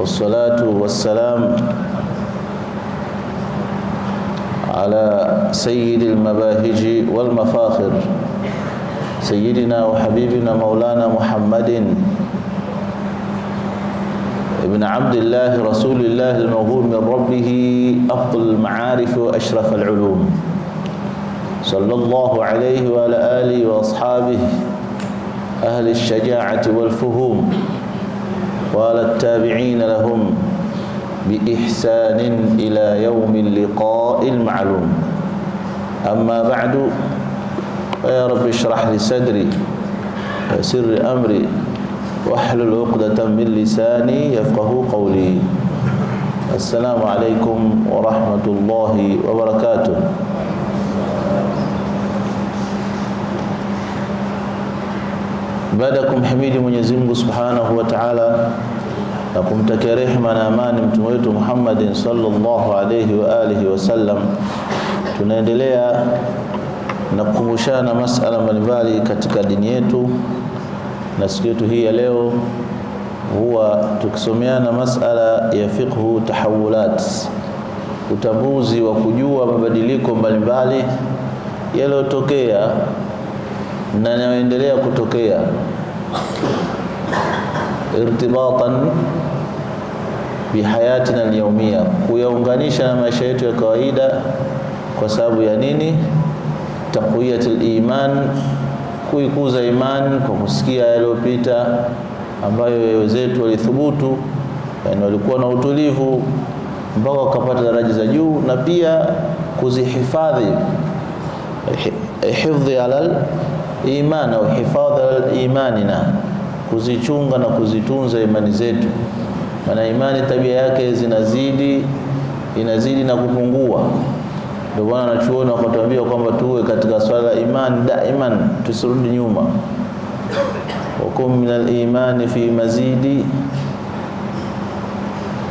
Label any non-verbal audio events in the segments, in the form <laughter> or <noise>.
والصلاة والسلام على سيد المباهج والمفاخر سيدنا وحبيبنا مولانا محمد ابن عبد الله رسول الله المغفور من ربه أفضل المعارف وأشرف العلوم صلى الله عليه وعلى آله وأصحابه أهل الشجاعة والفهوم وعلى التابعين لهم بإحسان إلى يوم اللقاء المعلوم أما بعد يا رب اشرح لي صدري ويسر أمري واحلل عقدة من لساني يفقه قولي السلام عليكم ورحمة الله وبركاته Baada ya kumhimidi Mwenyezi Mungu Subhanahu wa Ta'ala na kumtakia rehema na amani mtume wetu Muhammadin sallallahu alayhi wa alihi sallam, tunaendelea na kukumbushana masala mbalimbali katika dini yetu, na siku yetu hii ya leo huwa tukisomeana masala ya fiqhu tahawulat, utambuzi wa kujua mabadiliko mbalimbali yaliyotokea na yanayoendelea kutokea irtibatan bihayatina alyaumia, kuyaunganisha na maisha yetu ya kawaida. Kwa sababu ya nini? Taqwiyatul iman, kuikuza iman kwa kusikia yaliyopita ambayo wenzetu walithubutu, yani walikuwa na utulivu mpaka wakapata daraja za juu, na pia kuzihifadhi hifdhi alal iman au hifadhi alal imanina, kuzichunga na kuzitunza imani zetu. Maana imani tabia yake zinazidi inazidi na kupungua. Ndio maana wanachuoni wakatuambia kwamba tuwe katika swala la daiman, tusirudi nyuma. Wakum min alimani fi mazidi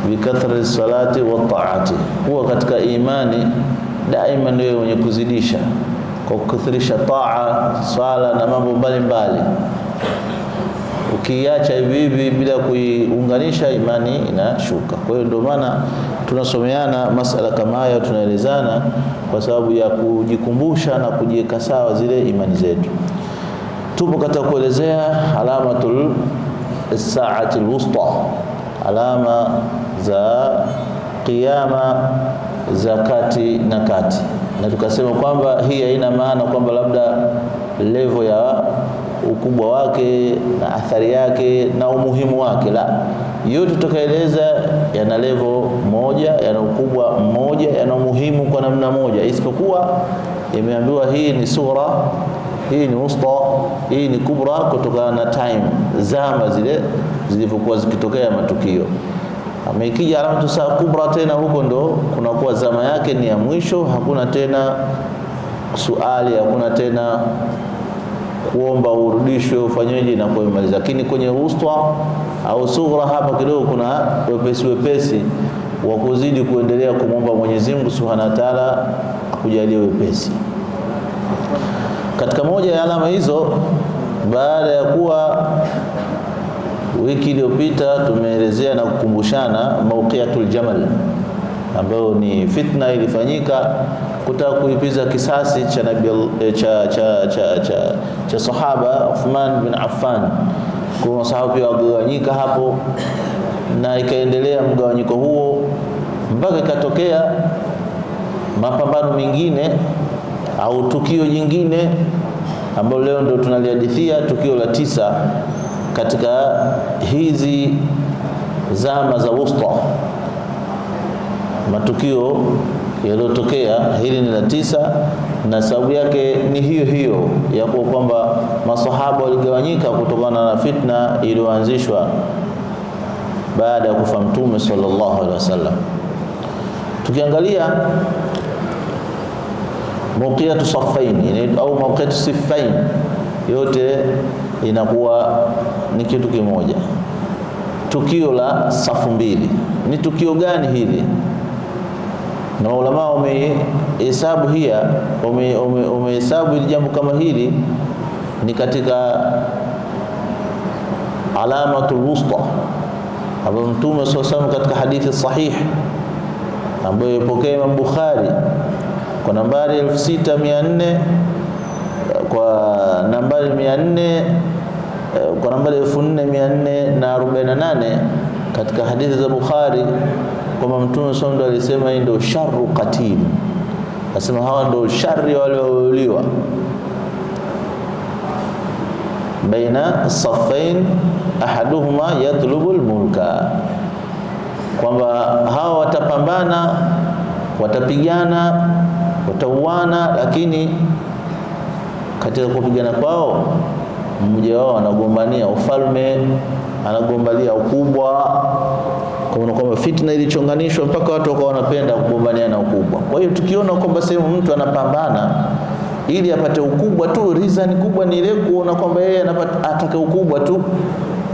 bikathrati salati wa taati, huwa katika imani daima ndio wenye kuzidisha kwa kukithirisha taa, swala na mambo mbalimbali. Ukiacha hivi hivi bila kuiunganisha, imani inashuka. Kwa hiyo ndio maana tunasomeana masala kama haya, tunaelezana kwa sababu ya kujikumbusha na kujiweka sawa zile imani zetu. Tupo katika kuelezea alamatul saati alwusta, alama za kiyama za kati na kati, na tukasema kwamba hii haina maana kwamba labda levo ya ukubwa wake na athari yake na umuhimu wake, la yote tutakaeleza yana levo moja, yana ukubwa mmoja, yana umuhimu kwa namna moja, isipokuwa imeambiwa hii ni sura, hii ni usta, hii ni kubra, kutokana na time, zama zile zilivyokuwa zikitokea matukio amekija alamatu saa kubra tena, huko ndo kunakuwa zama yake ni ya mwisho. Hakuna tena suali, hakuna tena kuomba urudishwe ufanyeje na kuimaliza. Lakini kwenye ustwa au sughra hapa kidogo kuna wepesi wepesi wa kuzidi kuendelea kumwomba Mwenyezi Mungu Subhanahu wa Ta'ala akujalie wepesi. Katika moja ya alama hizo, baada ya kuwa Wiki iliyopita tumeelezea na kukumbushana mauqiatul jamal ambayo ni fitna ilifanyika kutaka kulipiza kisasi cha nabi cha, cha, cha, cha, cha sahaba Uthman bin Affan. Kuna masahaba pia wagawanyika hapo, na ikaendelea mgawanyiko huo mpaka ikatokea mapambano mengine au tukio jingine ambalo leo ndio tunalihadithia, tukio la tisa katika hizi zama za wusta, matukio yaliyotokea, hili ni la tisa, na sababu yake ni hiyo hiyo ya kuwa kwamba masahaba waligawanyika kutokana na fitna iliyoanzishwa baada ya kufa Mtume sallallahu alaihi wasallam. Tukiangalia mauqiatu safaini au mauqiatu sifaini yote inakuwa ni kitu kimoja. Tukio la safu mbili ni tukio gani hili? Na maulamaa wamehesabu hiya wamehesabu ili hili jambo kama hili ni katika alamatul wusta ambayo Mtume saa sallam katika hadithi sahih ambayo ipokea Imam Bukhari kwa nambari 6400 kwa nambari 400 Eh, kwa nambari nane katika hadithi za Bukhari kwamba Mtume SAW alisema hii ndio sharu qatil, asema hawa ndio shari wale waliouliwa baina safain ahaduhuma yatlubu lmulka kwamba hawa watapambana, watapigana, watauana, lakini katika kupigana kwao mmoja wao anagombania ufalme, anagombania ukubwa kwamba fitna ilichonganishwa mpaka watu wakawa wanapenda kugombania na ukubwa. Kwa hiyo tukiona kwamba sehemu mtu anapambana ili apate ukubwa tu, reason kubwa ni ile kuona kwamba yeye anapata atake ukubwa tu,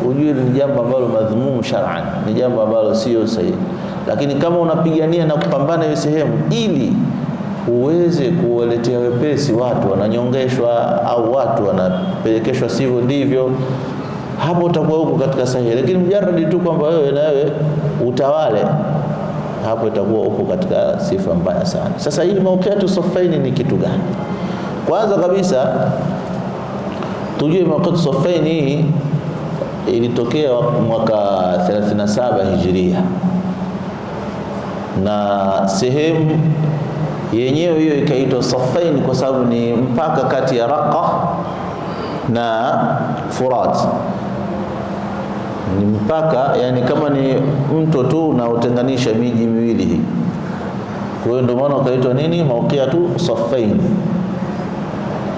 ujue ni jambo ambalo madhumumu shar'an, ni jambo ambalo sio sahihi. Lakini kama unapigania na kupambana hiyo sehemu ili uweze kuwaletea wepesi watu wananyongeshwa, au watu wanapelekeshwa sivyo ndivyo, hapo utakuwa huko katika sahihi. Lakini mjaradi tu kwamba wewe na wewe utawale, hapo itakuwa huko katika sifa mbaya sana. Sasa hii mauqiatu safaini ni kitu gani? Kwanza kabisa tujue mauqiatu safaini hii ilitokea mwaka 37 hijiria na sehemu yenyewe hiyo ikaitwa Safain kwa sababu ni mpaka kati ya Raqqa na Furat, ni mpaka yani kama ni mto tu unaotenganisha miji miwili hii. Kwa hiyo ndio maana ukaitwa nini, mauqiatu Safain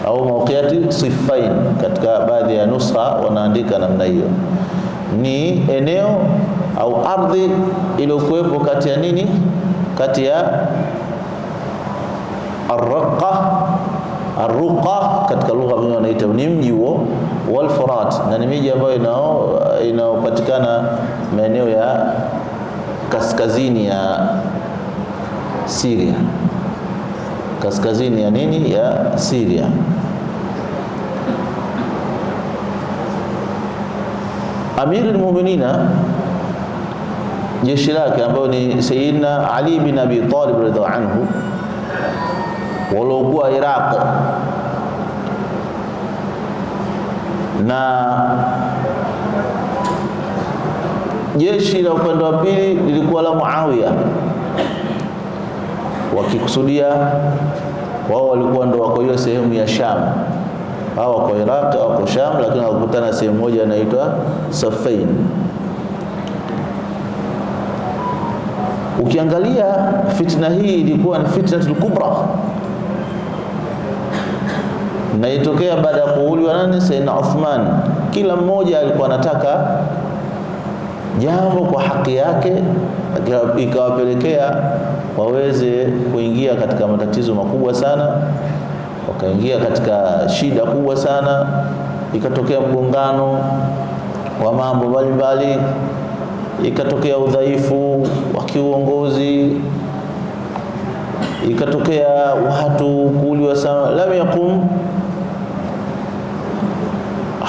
au mawqiatu Sifain. Katika baadhi ya nusra wanaandika namna hiyo, ni eneo au ardhi iliyokuwepo kati ya nini, kati ya Arruqa katika lugha wenyewe wanaita ni mji huo, wal Furat, na ni miji ambayo inaopatikana maeneo ya kaskazini ya Syria, kaskazini ya nini ya Syria. al Mu'minina jeshi lake ambayo ni Sayyidina Ali bin Abi Talib radhiallahu anhu waliokuwa Iraq na jeshi la upande wa pili lilikuwa la Muawiya, wakikusudia wao walikuwa ndio wako hiyo sehemu ya Sham, hao wako Iraq au wako Sham, lakini wakutana sehemu moja inaitwa Safain. Ukiangalia fitna hii ilikuwa ni fitnatul kubra na ilitokea baada ya kuuliwa nani? Sayyidina Uthman. Kila mmoja alikuwa anataka jambo kwa haki yake, ikawapelekea waweze kuingia katika matatizo makubwa sana, wakaingia katika shida kubwa sana, ikatokea mgongano wa mambo mbalimbali, ikatokea udhaifu wa kiuongozi ikatokea watu kuuliwa sana. lam yakum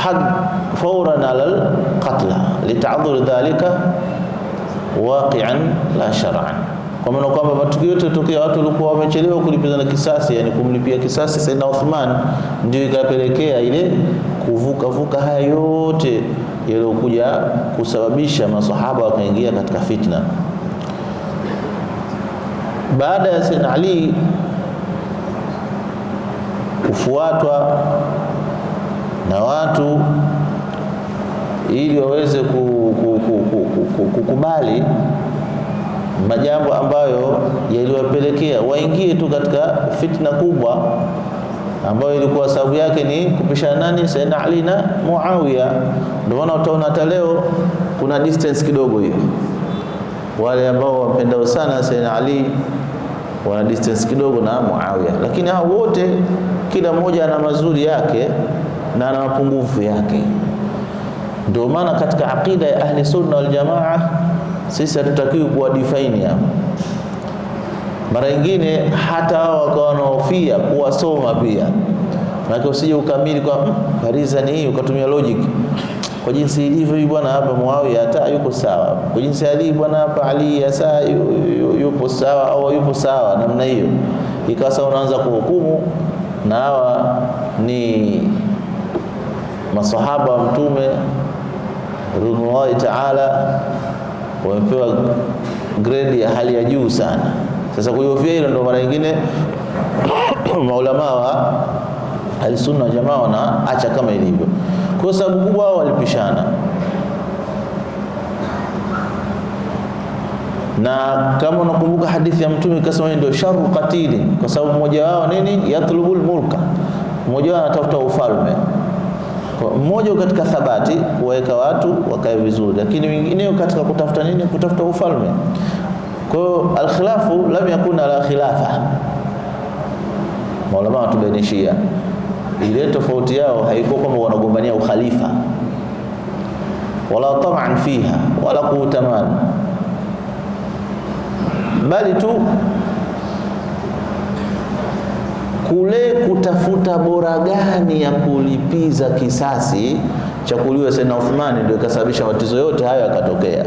had fawran ala alqatla litadhur dhalika waqian la shar'an, kwa maana kwamba matukio yote tokea watu walikuwa wamechelewa kulipizana kisasi, yani kumlipia kisasi Saidna Uthman, ndio ikapelekea ile kuvuka vuka haya yote yaliyokuja kusababisha masahaba wakaingia katika fitna. Baada ya Saidna Ali kufuatwa na watu ili waweze kukubali majambo ambayo yaliwapelekea waingie tu katika fitna kubwa ambayo ilikuwa sababu yake ni kupishana nani? Saidina Ali na Muawiya. Ndio maana utaona hata leo kuna distance kidogo hiyo, wale ambao wampendao sana Saidina Ali wana distance kidogo na Muawiya, lakini hao wote kila mmoja ana mazuri yake na ana mapungufu yake. Ndio maana katika aqida ya ahli sunna wal jamaa sisi hatutakiwi kuwa define hapo. Mara nyingine hata wao wakawa wanahofia kuwasoma pia, maana usije ukamili kwa hmm, fariza ni hii ukatumia logic kwa jinsi ilivyo hii bwana hapa Muawiya hata yuko sawa, kwa jinsi Ali bwana hapa Ali hasa yupo sawa au yupo sawa namna hiyo, ikawa unaanza kuhukumu na hawa ni masahaba wa Mtume ridwanullahi taala wamepewa grade ya hali ya juu sana. Sasa kuhofia hilo ndio mara nyingine <clears throat> maulama wa alsunna jamaa wanaacha kama ilivyo. Kwa sababu kubwa wao walipishana, na kama unakumbuka hadithi ya Mtume kasema ndio sharu qatili, kwa sababu mmoja wao nini, yatlubul mulka, mmoja wao anatafuta ufalme mmoja katika thabati kuwaweka watu wakae vizuri, lakini wengineo katika kutafuta nini? Kutafuta ufalme. Kwa hiyo alkhilafu lam yakuna la khilafa, maulama watubainishia ile tofauti yao haiko kwamba wanagombania ukhalifa wala tamaan fiha wala kuutamani, bali tu kule kutafuta bora gani ya kulipiza kisasi cha kuliwa Saidna Uthmani, ndio ikasababisha matatizo yote hayo yakatokea.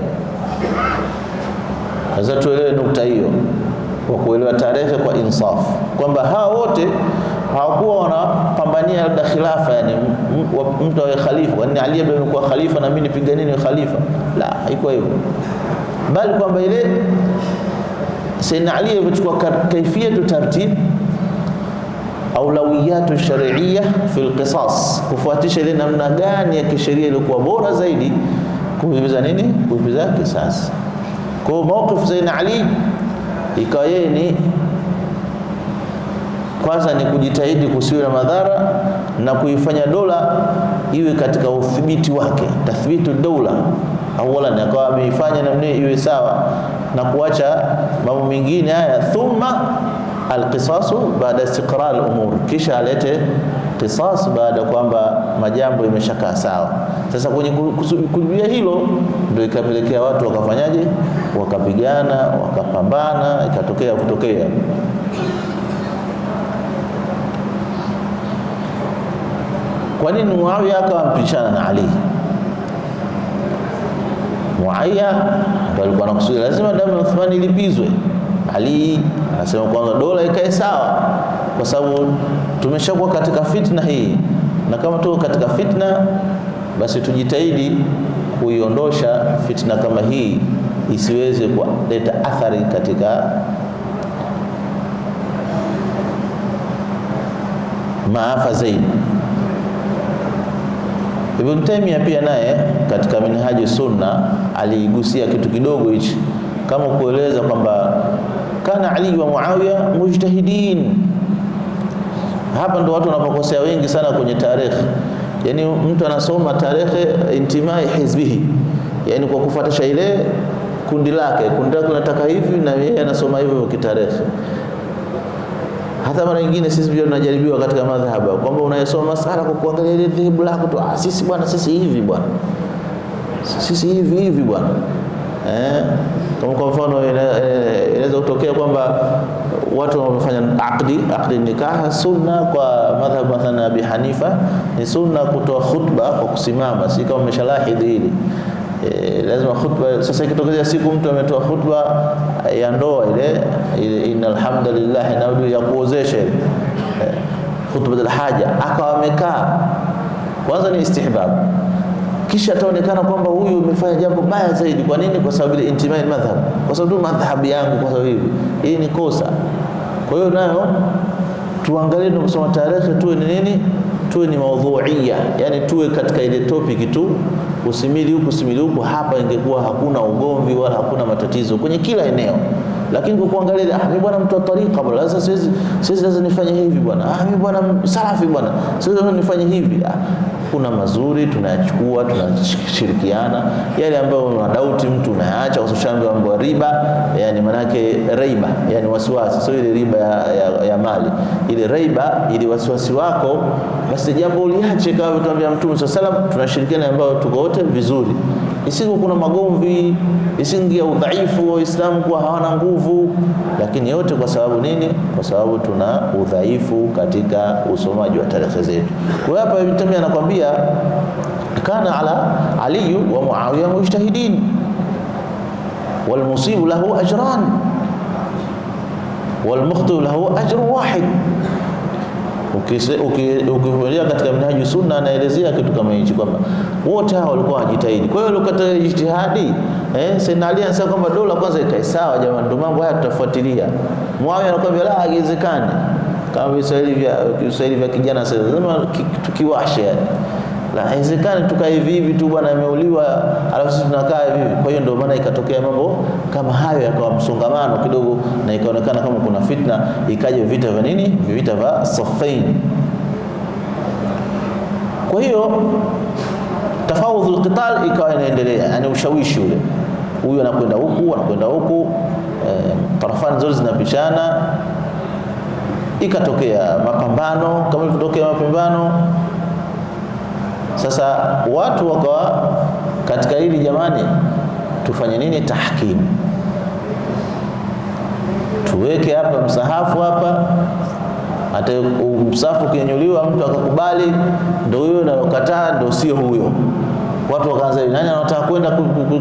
Sasa tuelewe nukta hiyo kwa kuelewa tarehe kwa insafu, kwamba hao wote hawakuwa wanapambania labda khilafa, yani mtu awe khalifa, yani Ali amekuwa khalifa na mimi nipiganini khalifa? La, haikuwa hivyo, bali kwamba ile Saidna Ali alivyochukua tu tartib aulawiyatu shar'iyya fil qisas, kufuatisha ile namna gani ya kisheria iliyokuwa bora zaidi kuhimiza nini, kuhimiza kisasi. Kwa mawqif Zain Ali ikawa yeye ni kwanza ni kujitahidi kusiwe na madhara na kuifanya dola iwe katika udhibiti wake, tathbitu dola awalan, akawa ameifanya namna iwe sawa na kuacha mambo mengine haya thumma alqisasu baada istiqrar al-umur, kisha alete qisas baada kwamba majambo imeshakaa sawa. Sasa kwenye kujua hilo ndio ikapelekea watu wakafanyaje, wakapigana, wakapambana, ikatokea kutokea Kwa nini Muawiya akawa mpishana na Ali? Muawiya alikuwa anakusudia lazima damu ya Uthmani ilipizwe. Ali anasema kwanza dola ikae sawa, kwa sababu tumeshakuwa katika fitna hii, na kama tuko katika fitna, basi tujitahidi kuiondosha fitna kama hii isiweze kuleta athari katika maafa zaidi. Ibn Taymiyyah pia naye katika Minhaji Sunna aliigusia kitu kidogo hichi, kama kueleza kwamba kana Ali wa Muawiya mujtahidin. Hapa ndo watu wanapokosea wengi sana kwenye tarehe, yani mtu anasoma tarehe intimai hizbihi, yani kwa kufuatisha ile kundi lake, kundi lake linataka hivi na yeye anasoma hivyo kwa tarehe. Hata mara nyingine sisi pia tunajaribiwa katika madhhaba kwamba unayesoma sala kwa kuangalia ile dhehebu lako tu, ah, sisi bwana, sisi hivi bwana, sisi hivi hivi bwana eh kama kwa mfano eh, inaweza kutokea kwamba watu wamefanya aqdi aqdi nikaha, sunna kwa madhhabu mathalan Abi Hanifa ni sunna kutoa khutba kwa kusimama, si kama umeshalahidi dhili e, eh, lazima khutba. Sasa ikitokea siku mtu ametoa khutba ya ndoa ile, ile innal hamdalillah na ya kuozesha ile eh, khutba al haja, akawa amekaa, kwanza ni istihbab kisha ataonekana kwamba huyu umefanya jambo baya zaidi. Kwa nini? Kwa sababu ile intimai madhhab, kwa sababu madhhabi yangu, kwa sababu hivi hii ni kosa. Kwa hiyo nayo tuangalie ndio kusoma tarehe, tuwe ni nini, tuwe ni maudhuia, yani tuwe katika ile topic tu, usimili huku usimili huku. Hapa ingekuwa hakuna ugomvi wala hakuna matatizo kwenye kila eneo, lakini kwa kuangalia, ah, mimi bwana mtu wa tariqa bwana, sasa siwezi siwezi, lazima nifanye hivi bwana, ah, mimi bwana salafi bwana, siwezi nifanye hivi ah kuna mazuri tunayachukua, tunashirikiana. Yale ambayo doubt mtu unayaacha, kwa sababu mambo ya riba, yani manake riba, yani wasiwasi, sio ile riba ya, ya, ya mali, ile riba ili wasiwasi wako, basi jambo uliache. Kama tuambia Mtume alaihi salam, tunashirikiana ambayo tuko wote vizuri isinge kuna magomvi, isingia udhaifu wa Uislamu kuwa hawana nguvu, lakini yote kwa sababu nini? Kwa sababu tuna udhaifu katika usomaji wa tarehe zetu. Kwa hapa Ibn Taymiyyah anakuambia kana ala Ali wa Muawiya mujtahidin walmusibu lahu ajran walmukhti lahu ajru wahid Ukifuatilia katika Minhaju Sunna anaelezea kitu kama hichi kwamba wote hao walikuwa wajitahidi. Kwa hiyo ukata jitihadi eh, Sayyidina Ali anasema kwamba dola kwanza ikae sawa, jamani, ndio mambo haya tutafuatilia. Muawiya anakuambia la, haiwezekani kama Kiswahili vya vya kijana sasa, lazima tukiwashe yani la haiwezekani tukae hivi hivi tu bwana ameuliwa, alafu sisi tunakaa hivi. Kwa hiyo ndio maana ikatokea mambo kama hayo, yakawa msongamano kidogo, na ikaonekana kama kuna fitna, ikaja vita vya nini, vita vya Saffain. Kwa hiyo tafawudhu alqital ikawa inaendelea, yani ushawishi ule, huyu anakwenda huku, anakwenda huku, e, eh, tarafani zote zinapishana, ikatokea mapambano kama ilivyotokea mapambano sasa watu wakawa katika hili, jamani, tufanye nini? Tahkimu, tuweke hapa msahafu hapa, hata msahafu ukinyanyuliwa mtu akakubali, ndio huyo, nayokataa ndio sio huyo. Watu wakaanza, nani anataka kwenda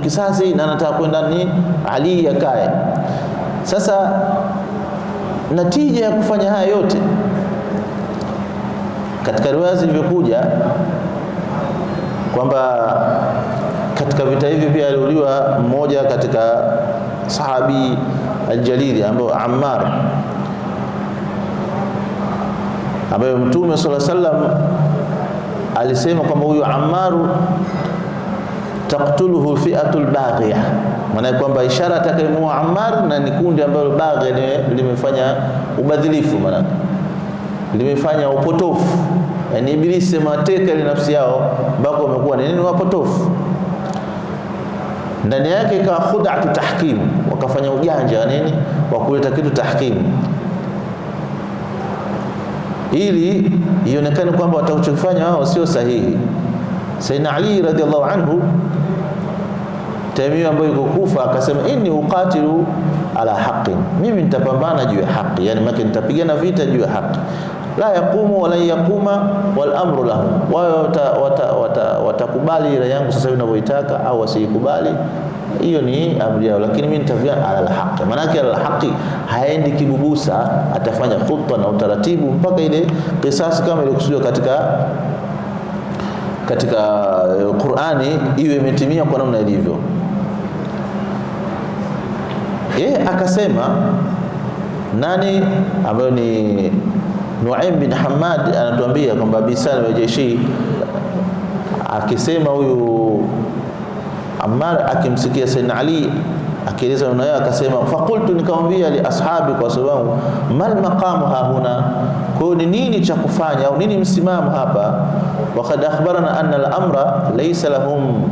kisasi na anataka kwenda ni Ali yakae. Sasa natija ya kufanya haya yote katika riwaya zilivyokuja kwamba katika vita hivi pia aliuliwa mmoja katika sahabi aljalili ambaye Ammar, ambaye Mtume sallallahu sallam alisema kwamba huyu Ammaru taktuluhu fi'atul baghiya, maana kwamba ishara atakayemua Ammar na ni kundi ambalo baghia limefanya ubadhilifu, maana limefanya upotofu yani Ibilisi sema teka ile nafsi yao mpaka wamekuwa ni nini wapotofu ndani yake ikawa khud'atu tahkim, wakafanya ujanja wa nini wa kuleta kitu tahkim, ili ionekane kwamba watakachofanya wao sio sahihi. Sayyidina Ali radhiallahu anhu Taimia ambayo yuko Kufa akasema inni uqatilu ala haqin, mimi nitapambana juu ya haki, yani maki nitapigana vita juu ya haki la yaqumu wala yaquma wal amru la wao watakubali wata, wata, wata rai yangu sasa hivi ninavyoitaka au wasikubali hiyo ni amri yao, lakini mimi nitavia ala alhaqi. Maanake ala alhaqi haendi kibubusa, atafanya khutwa na utaratibu mpaka ile kisasi kama ilikusudiwa katika katika eh, Qur'ani iwe imetimia kwa namna ilivyo. Yeye akasema nani ambayo ni Nuaim bin Hamad anatuambia kwamba Bisan Wajeshi akisema huyu Ammar akimsikia Sayyidina Ali akieleza neno yake akasema, fakultu, nikamwambia li ashabi, kwa sababu mal maqamu hahuna, kwa ni nini cha kufanya au nini msimamo hapa? Wakad akhbarana anna al-amra laysa lahum,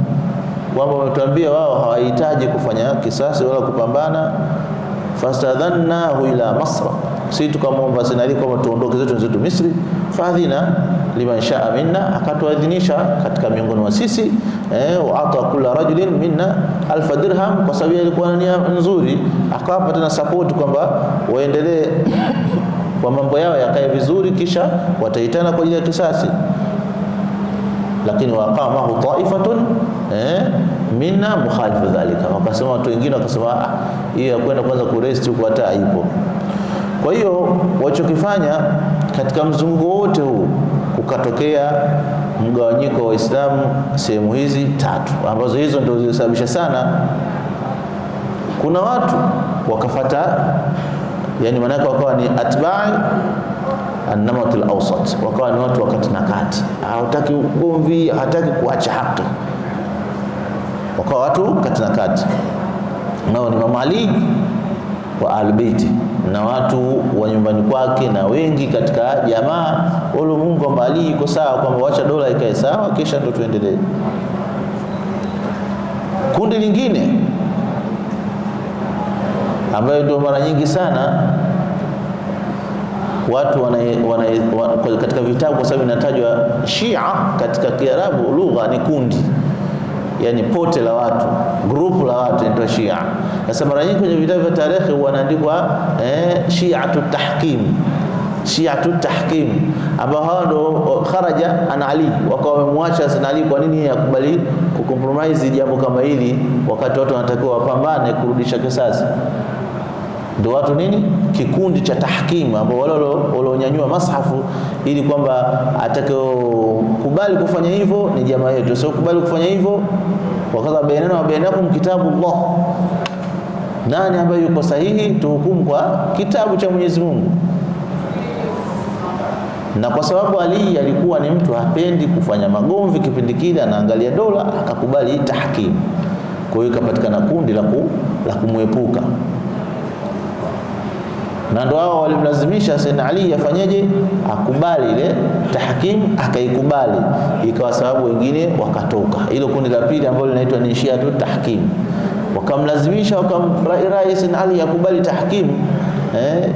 kwamba wametuambia wao hawahitaji kufanya kisasi wala kupambana. Fastadhannahu ila Masra sisi tukamwomba Hasan Ali kwamba tuondoke zetu zetu Misri, fadhina liman shaa minna, akatuadhinisha katika miongoni wa sisi eh, wa ata kula rajulin minna alfa dirham, kwa sababu alikuwa na nia nzuri, akawapa tena support kwamba waendelee <coughs> kwa mambo yao yakae vizuri, kisha wataitana kwa ajili ya kisasi. Lakini waqamahu taifatun eh, minna mukhalifu dhalika, wakasema watu wengine wakasema ah, hiyo ya kwenda kwanza kurest huko hata haipo kwa hiyo walichokifanya katika mzunguko wote huu kukatokea mgawanyiko wa Waislamu sehemu hizi tatu, ambazo hizo ndio zilisababisha sana. Kuna watu wakafata, yani maanake wakawa ni atbai annamat alawsat, wakawa ni watu wakati na kati, hawataki ugomvi, hawataki kuacha haki, wakawa watu kati na kati, nao ni mamali wa Ahlul na watu wa nyumbani kwake na wengi katika jamaa wale Mungu kwamba iko sawa, kwamba wacha dola ikae sawa, kisha ndo tuendelee. Kundi lingine ambayo ndio mara nyingi sana watu wana, wana, wana, katika vitabu kwa sababu inatajwa Shia katika Kiarabu lugha ni kundi yani pote la watu, grupu la watu inaitwa Shia. Sasa mara nyingi kwenye vitabu vya tarehe wanaandikwa eh, shiatu tahkim shiatu tahkim, ambao hawa ndo kharaja ana Ali, wakawa wamemwacha sana Ali. Kwa nini yakubali kukompromise jambo kama hili, wakati watu wanatakiwa wapambane kurudisha kisasi? ndio watu nini, kikundi cha tahkimu ambao wale walionyanyua mashafu ili kwamba atakayokubali kufanya hivyo ni jamaa yetu, sio kubali kufanya hivyo wakaza bainana wa bainakum kitabullah, nani ambaye yuko sahihi tuhukumu kwa kitabu cha Mwenyezi Mungu. Na kwa sababu Ali alikuwa ni mtu hapendi kufanya magomvi, kipindi kile anaangalia dola, akakubali tahkimu. Kwa hiyo ikapatikana kundi la kumwepuka na ndo hao walimlazimisha Sayyidina Ali afanyeje, akubali ile tahkim, akaikubali ikawa sababu wengine wakatoka. Hilo kundi la pili ambalo linaitwa ni Shia tu tahkim, wakamlazimisha wakamrai Sayyidina Ali akubali tahkim eh,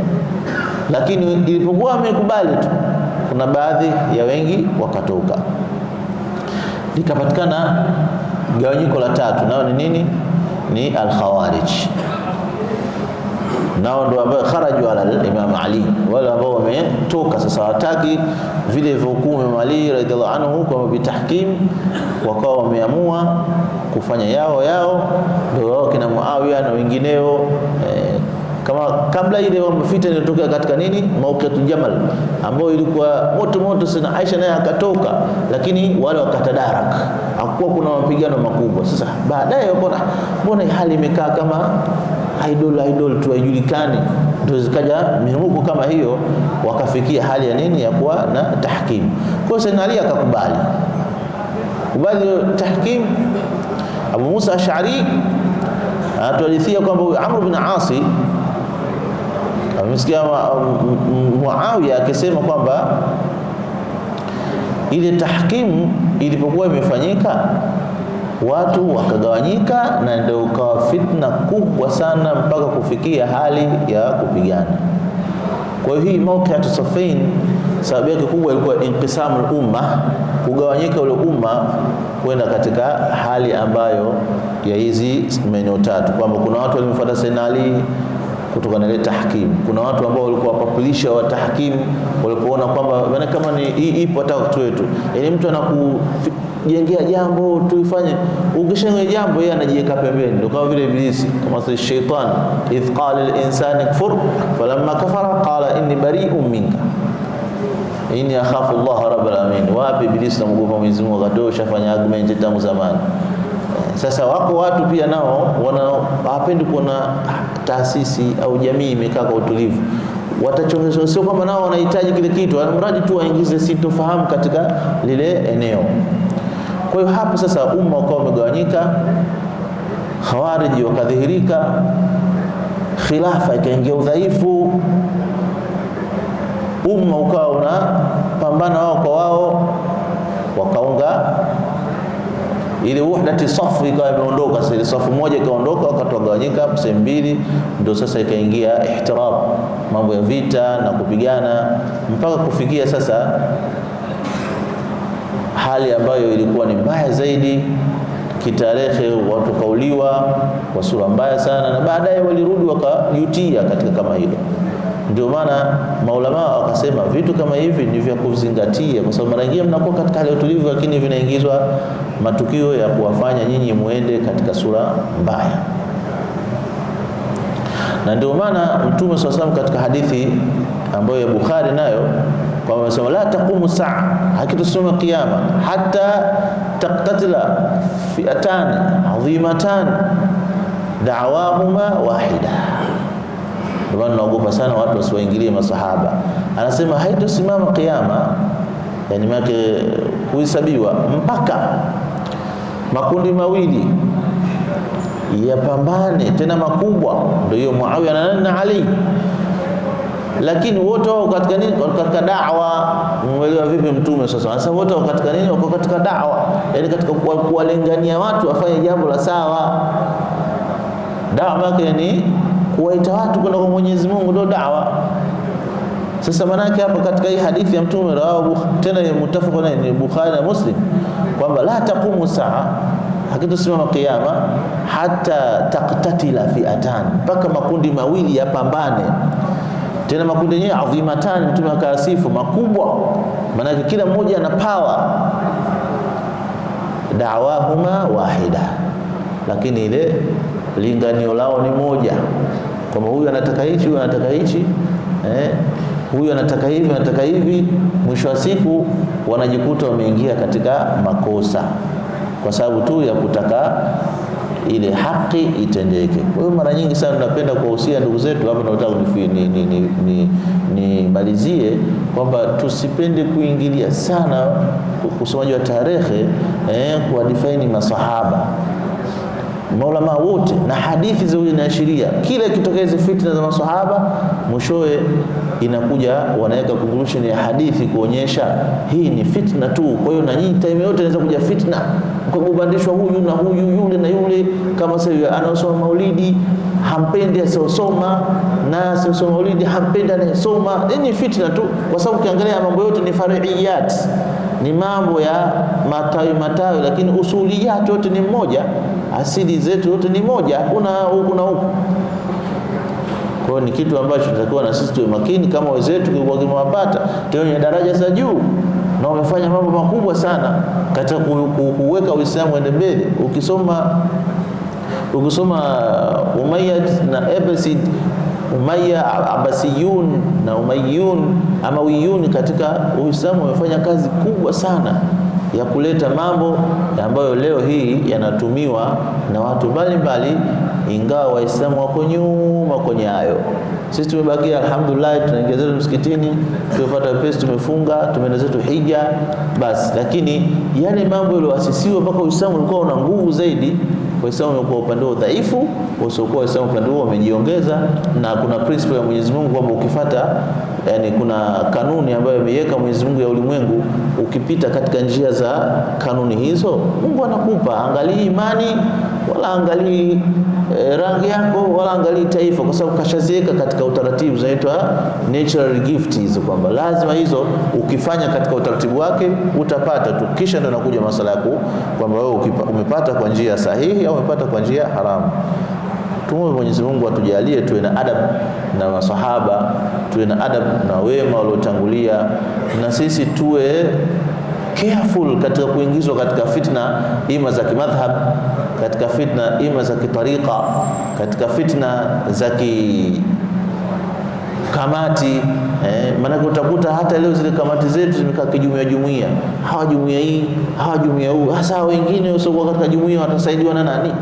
lakini ilipokuwa amekubali tu kuna baadhi ya wengi wakatoka, likapatikana gawanyiko la tatu, nao ni nini? Ni al-Khawarij nao ndio ambao kharaju ala Imam Ali, wale ambao wametoka sasa, wataki vile vilivyokuwa Imam Ali radhiallahu anhu kwa bitahkim, wakawa wameamua kufanya yao yao, ndio wao kina Muawiya na wengineo eh, kama kabla ile fitna ilitokea katika nini Mauqiatu Jamal, ambayo ilikuwa moto moto sana. Aisha naye akatoka, lakini wale wakatadarak hakuwa kuna mapigano makubwa. Sasa baadaye mbona mbona hali imekaa kama idol idol tu haijulikani, ndio zikaja miumuko kama hiyo, wakafikia hali ya nini ya kuwa na tahkim. Kwa hiyo Ali akakubali kubali tahkim. Abu Musa Ash'ari anatuhadithia kwamba Amr bin Asi amesikia Muawiya akisema kwamba ile tahkimu ilipokuwa imefanyika watu wakagawanyika, na ndio ukawa fitna kubwa sana mpaka kufikia hali ya kupigana. Kwa hiyo hii mauqiatu Safain sababu yake kubwa ilikuwa inqisamul umma, kugawanyika ule umma kwenda katika hali ambayo ya hizi maeneo tatu, kwamba kuna watu walimfuata Sayyidina Ali kutokana ile tahkim. Kuna watu ambao walikuwa wapapilisha wa tahkim, walipoona kwamba maana kama ni hii ipo hata watu wetu, yani mtu anakujengea jambo tuifanye, ukishenga jambo yeye anajiweka pembeni, ndio kama vile Iblisi, kama sisi shaytan, idh qala insani kfur falamma kafara qala inni bari'un minka inni akhafu Allah rabbal alamin. Wapi Iblisi namwogopa Mwenyezi Mungu, wakati fanya argument tangu zamani. Sasa wako watu pia nao hawapendi kuona taasisi au jamii imekaa kwa utulivu, watachongezwa, Sio kwamba nao wanahitaji kile kitu, mradi tu waingize sintofahamu katika lile eneo. Kwa hiyo hapo sasa umma ukawa umegawanyika, Khawariji wakadhihirika, khilafa ikaingia udhaifu, umma ukawa unapambana wao kwa wao, wakaunga ili wahdati safu ikawa imeondoka. Sasa safu moja ikaondoka, wakatogawanyika sehemu mbili, ndio sasa ikaingia ihtirab, mambo ya vita na kupigana, mpaka kufikia sasa hali ambayo ilikuwa ni mbaya zaidi kitarehe, watu kauliwa kwa sura mbaya sana, na baadaye walirudi wakajutia katika kama hilo. Ndio maana maulama wakasema vitu kama hivi ni vya kuzingatia, kwa sababu mara nyingi mnakuwa katika hali ya utulivu, lakini vinaingizwa matukio ya kuwafanya nyinyi muende katika sura mbaya. Na ndio maana Mtume swalla katika hadithi ambayo ya Bukhari nayo kwa amesema la taqumu saa, hakitasimama kiyama hata taktatila fiatan adhimatani da'awahuma wahida ndio maana naogopa sana watu wasiwaingilie masahaba. Anasema haitosimama kiama, yani make kuhesabiwa mpaka makundi mawili yapambane tena makubwa, ndio hiyo Muawiya na nani na Ali. Lakini wote wao katika nini? Katika da'wa. Umeelewa vipi mtume sasa? Sasa wote wao katika nini? Wako katika da'wa, yani katika kuwalengania watu afanye jambo la sawa. Da'wa yake ni kuwaita watu kwenda kwa Mwenyezi Mungu ndio dawa. Sasa manake hapo katika hii hadithi ya Mtume rawahu tena ni na ni Bukhari na Muslim kwamba la taqumu saa, hakitosimama kiyama hata taktatila fi'atan, mpaka makundi mawili yapambane. Tena makundi yenyewe adhimatan, Mtume akasifu makubwa, manake kila mmoja ana power. Dawahuma wahida, lakini ile linganio lao ni moja kwamba huyu anataka hichi, huyu anataka hichi eh, huyu anataka hivi, anataka hivi. Mwisho wa siku wanajikuta wameingia katika makosa kwa sababu tu ya kutaka ile haki itendeke. Kwa hiyo mara nyingi sana tunapenda kuwahusia ndugu zetu hapa, nataka nimalizie ni, ni, ni kwamba tusipende kuingilia sana usomaji wa tarehe eh, kuwadifaini masahaba maulama wote na hadithi zao zinaashiria kila kitokeze fitna za maswahaba, mwishowe inakuja wanaweka conclusion ya hadithi kuonyesha hii ni fitna tu. Kwa hiyo na nyinyi time yote inaweza kuja fitna kubandishwa huyu na huyu yule na yule, kama sasa anaosoma maulidi hampendi asiosoma na asiosoma maulidi hampendi anayesoma. Ni fitna tu, kwa sababu ukiangalia mambo yote ni fariiyat ni mambo ya matawi matawi, lakini usuli yake yote ni mmoja, asili zetu yote ni moja, kuna huku na huku. Kwa hiyo ni kitu ambacho tunatakiwa na sisi tuwe makini, kama wenzetu wakimewapata kimewapata daraja za juu na wamefanya mambo makubwa sana katika kuweka Uislamu ende mbele. Ukisoma ukisoma uh, Umayyad na Abbasid Umayya Abbasiyun na Umayyun Amawiyun katika Uislamu wamefanya kazi kubwa sana ya kuleta mambo ambayo leo hii yanatumiwa na watu mbalimbali, ingawa Waislamu wako nyuma kwenye hayo. Sisi tumebakia alhamdulillah, tunaingia zetu msikitini, tumepata pesa, tumefunga, tumeenda zetu hija basi, lakini yale mambo yaliyoasisiwa mpaka Uislamu ulikuwa una nguvu zaidi Waislamu wamekuwa upande wa udhaifu, wasiokuwa Waislamu upande huo wamejiongeza, na kuna principle ya Mwenyezi Mungu kwamba ukifata, yani kuna kanuni ambayo imeiweka Mwenyezi Mungu ya ulimwengu, ukipita katika njia za kanuni hizo Mungu anakupa, angalii imani wala angalii e, rangi yako wala angalii taifa, kwa sababu kashazeeka katika utaratibu, zinaitwa natural gift hizo, kwamba lazima hizo ukifanya katika utaratibu wake utapata tu. Kisha ndio nakuja masala ya kwamba wewe umepata kwa njia sahihi au umepata kwa njia haramu. Tumwombe Mwenyezi Mungu atujalie tuwe na adab na masahaba, tuwe na adab na wema waliotangulia, na sisi tuwe careful katika kuingizwa katika fitna ima za kimadhhab katika fitna ima za kitariqa, katika fitna za kikamati eh, maanake utakuta hata leo zile kamati zetu zimekaa kijumuia jumuia, hawa jumuia hii, hawa jumuiya huu, hasa wengine wasiokuwa katika jumuia watasaidiwa na nani?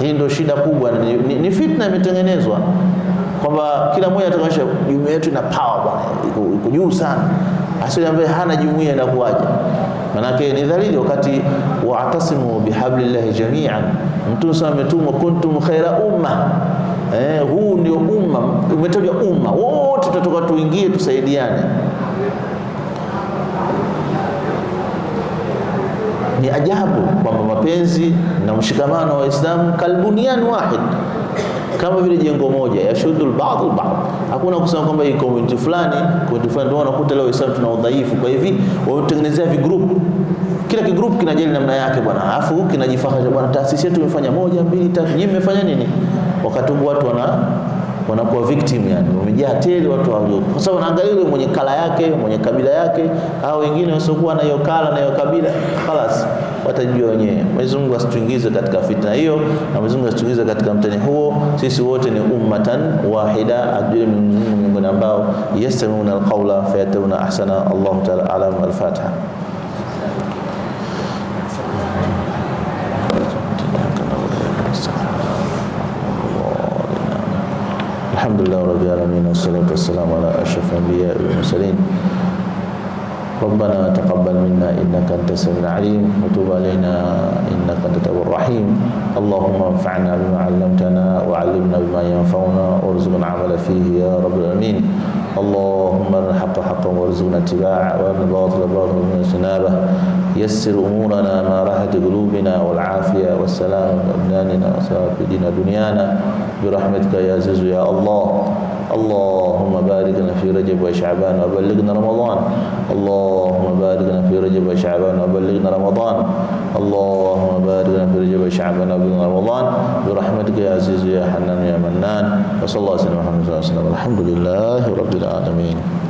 Hii ndio shida kubwa, ni, ni, ni fitna imetengenezwa kwamba kila mmoja atakaisha jumuia yetu ina power bwana, iko juu sana, asiye ambaye hana jumuia inakuwaje? Manake ni dhalili wakati waatasimu bihablillahi jami'an, mtume sasa ametumwa kuntum khaira umma. Eh, huu ndio umma umetajwa, umma wote tutatoka tuingie, tusaidiane. Ni ajabu kwamba mapenzi na mshikamano wa Waislamu kalbunian wahid kama vile jengo moja yashudul baadhi baadhi. Hakuna kusema kwamba hii community fulani community fulani ndio unakuta leo Waislamu tuna udhaifu. Kwa hivi wanatengenezea vigroup, kila kigroup kinajali namna yake bwana, alafu kinajifahamisha bwana, taasisi yetu imefanya moja mbili tatu, nyinyi mmefanya nini? Wakati watu wana wanakuwa victim, yani wamejaa tele watu hawajui, kwa sababu wanaangalia yule mwenye kala yake mwenye kabila yake, au wengine wasiokuwa na hiyo kala na hiyo kabila, khalas watajua wenyewe. Mwenyezi Mungu asituingize katika fitna hiyo, na Mwenyezi Mungu asituingize katika mtani huo. Sisi wote ni ummatan wahida, ajue Mungu miongoni ambao yastamiuna alqaula fayattabiuna ahsana. Allahu ta'ala alam. Al-Fatiha. الحمد لله رب العالمين والصلاة والسلام على أشرف الأنبياء والمرسلين ربنا تقبل منا إنك أنت السميع العليم وتب علينا إنك أنت التواب الرحيم اللهم انفعنا بما علمتنا وعلمنا بما ينفعنا وارزقنا العمل فيه يا رب العالمين اللهم ارنا الحق حقا وارزقنا اتباعه وارنا الباطل باطلا وارزقنا اجتنابه يسر امورنا ما راحه قلوبنا والعافيه والسلام في ابداننا وسلام في دين دنيانا برحمتك يا عزيز يا الله اللهم باركنا في رجب وشعبان وبلغنا رمضان اللهم باركنا في رجب وشعبان وبلغنا رمضان اللهم باركنا في رجب وشعبان وبلغنا رمضان برحمتك يا عزيز يا حنان يا منان وصلى الله وسلم على محمد وسلم الحمد لله رب العالمين